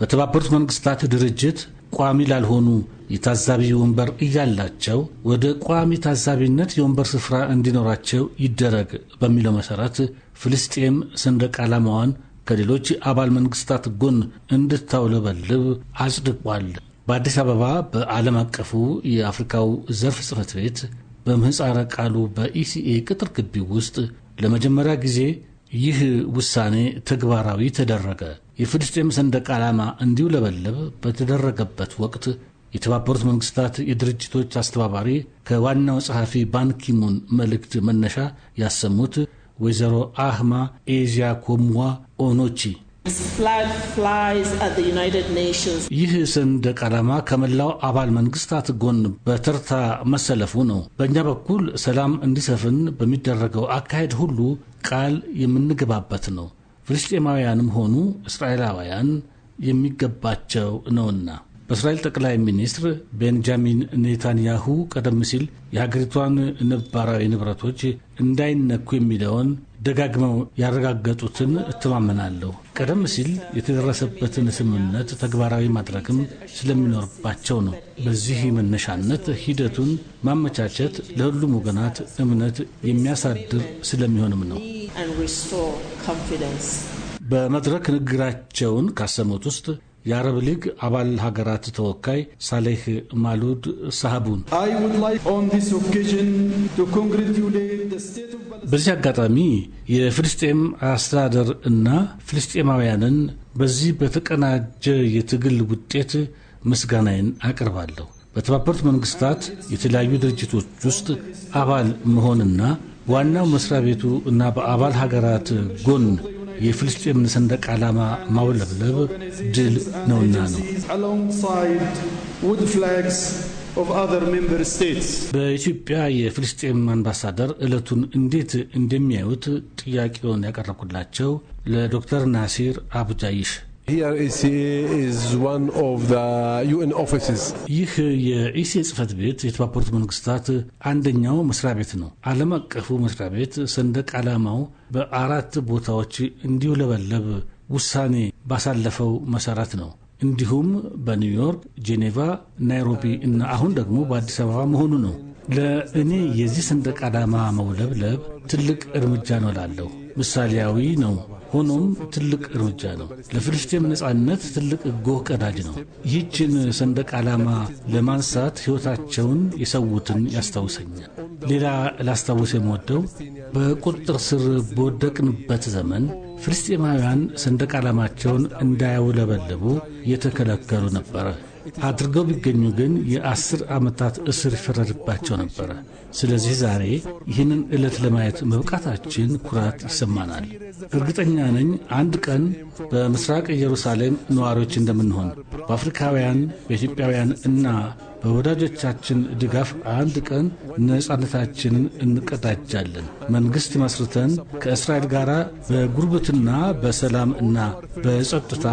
በተባበሩት መንግስታት ድርጅት ቋሚ ላልሆኑ የታዛቢ ወንበር እያላቸው ወደ ቋሚ ታዛቢነት የወንበር ስፍራ እንዲኖራቸው ይደረግ በሚለው መሠረት ፍልስጤም ሰንደቅ ዓላማዋን ከሌሎች አባል መንግስታት ጎን እንድታውለበልብ አጽድቋል። በአዲስ አበባ በዓለም አቀፉ የአፍሪካው ዘርፍ ጽፈት ቤት በምህፃረ ቃሉ በኢሲኤ ቅጥር ግቢ ውስጥ ለመጀመሪያ ጊዜ ይህ ውሳኔ ተግባራዊ ተደረገ። የፍልስጤም ሰንደቅ ዓላማ እንዲውለበለብ በተደረገበት ወቅት የተባበሩት መንግስታት የድርጅቶች አስተባባሪ ከዋናው ጸሐፊ ባንኪሙን መልእክት መነሻ ያሰሙት ወይዘሮ አህማ ኤዚያ ኮምዋ ኦኖቺ ይህ ሰንደቅ ዓላማ ከመላው አባል መንግስታት ጎን በተርታ መሰለፉ ነው። በእኛ በኩል ሰላም እንዲሰፍን በሚደረገው አካሄድ ሁሉ ቃል የምንገባበት ነው። ፍልስጤማውያንም ሆኑ እስራኤላውያን የሚገባቸው ነውና። በእስራኤል ጠቅላይ ሚኒስትር ቤንጃሚን ኔታንያሁ ቀደም ሲል የሀገሪቷን ነባራዊ ንብረቶች እንዳይነኩ የሚለውን ደጋግመው ያረጋገጡትን እተማመናለሁ። ቀደም ሲል የተደረሰበትን ስምምነት ተግባራዊ ማድረግም ስለሚኖርባቸው ነው። በዚህ መነሻነት ሂደቱን ማመቻቸት ለሁሉም ወገናት እምነት የሚያሳድር ስለሚሆንም ነው። በመድረክ ንግግራቸውን ካሰሙት ውስጥ የአረብ ሊግ አባል ሀገራት ተወካይ ሳሌህ ማሉድ ሳህቡን በዚህ አጋጣሚ የፍልስጤም አስተዳደር እና ፍልስጤማውያንን በዚህ በተቀናጀ የትግል ውጤት ምስጋናዬን አቅርባለሁ። በተባበሩት መንግስታት የተለያዩ ድርጅቶች ውስጥ አባል መሆንና ዋናው መስሪያ ቤቱ እና በአባል ሀገራት ጎን የፍልስጤምን ሰንደቅ ዓላማ ማውለብለብ ድል ነውና ነው። በኢትዮጵያ የፍልስጤም አምባሳደር ዕለቱን እንዴት እንደሚያዩት ጥያቄውን ያቀረብኩላቸው ለዶክተር ናሲር አቡጃይሽ ይህ የኢሲኤ ጽህፈት ቤት የተባበሩት መንግስታት አንደኛው መስሪያ ቤት ነው። ዓለም አቀፉ መስሪያ ቤት ሰንደቅ ዓላማው በአራት ቦታዎች እንዲውለበለብ ውሳኔ ባሳለፈው መሰረት ነው። እንዲሁም በኒውዮርክ፣ ጄኔቫ፣ ናይሮቢ እና አሁን ደግሞ በአዲስ አበባ መሆኑ ነው። ለእኔ የዚህ ሰንደቅ ዓላማ መውለብለብ ትልቅ እርምጃ ነው እላለሁ። ምሳሌያዊ ነው። ሆኖም ትልቅ እርምጃ ነው። ለፍልስጤም ነጻነት ትልቅ ጎህ ቀዳጅ ነው። ይህችን ሰንደቅ ዓላማ ለማንሳት ሕይወታቸውን የሰዉትን ያስታውሰኛል። ሌላ ላስታውስ የምወደው በቁጥጥር ስር በወደቅንበት ዘመን ፍልስጤማውያን ሰንደቅ ዓላማቸውን እንዳያውለበልቡ የተከለከሉ ነበረ። አድርገው ቢገኙ ግን የአስር ዓመታት እስር ይፈረድባቸው ነበረ። ስለዚህ ዛሬ ይህንን ዕለት ለማየት መብቃታችን ኩራት ይሰማናል። እርግጠኛ ነኝ አንድ ቀን በምስራቅ ኢየሩሳሌም ነዋሪዎች እንደምንሆን በአፍሪካውያን፣ በኢትዮጵያውያን እና በወዳጆቻችን ድጋፍ አንድ ቀን ነጻነታችንን እንቀዳጃለን። መንግሥት መስርተን ከእስራኤል ጋር በጉርብትና በሰላም እና በጸጥታ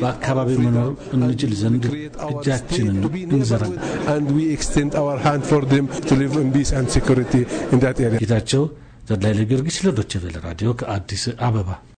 በአካባቢው መኖር እንችል ዘንድ እጃችንን እንዘረጋለን። ጌታቸው ተድላይ ለጊዮርጊስ ለዶቸቬለ ራዲዮ ከአዲስ አበባ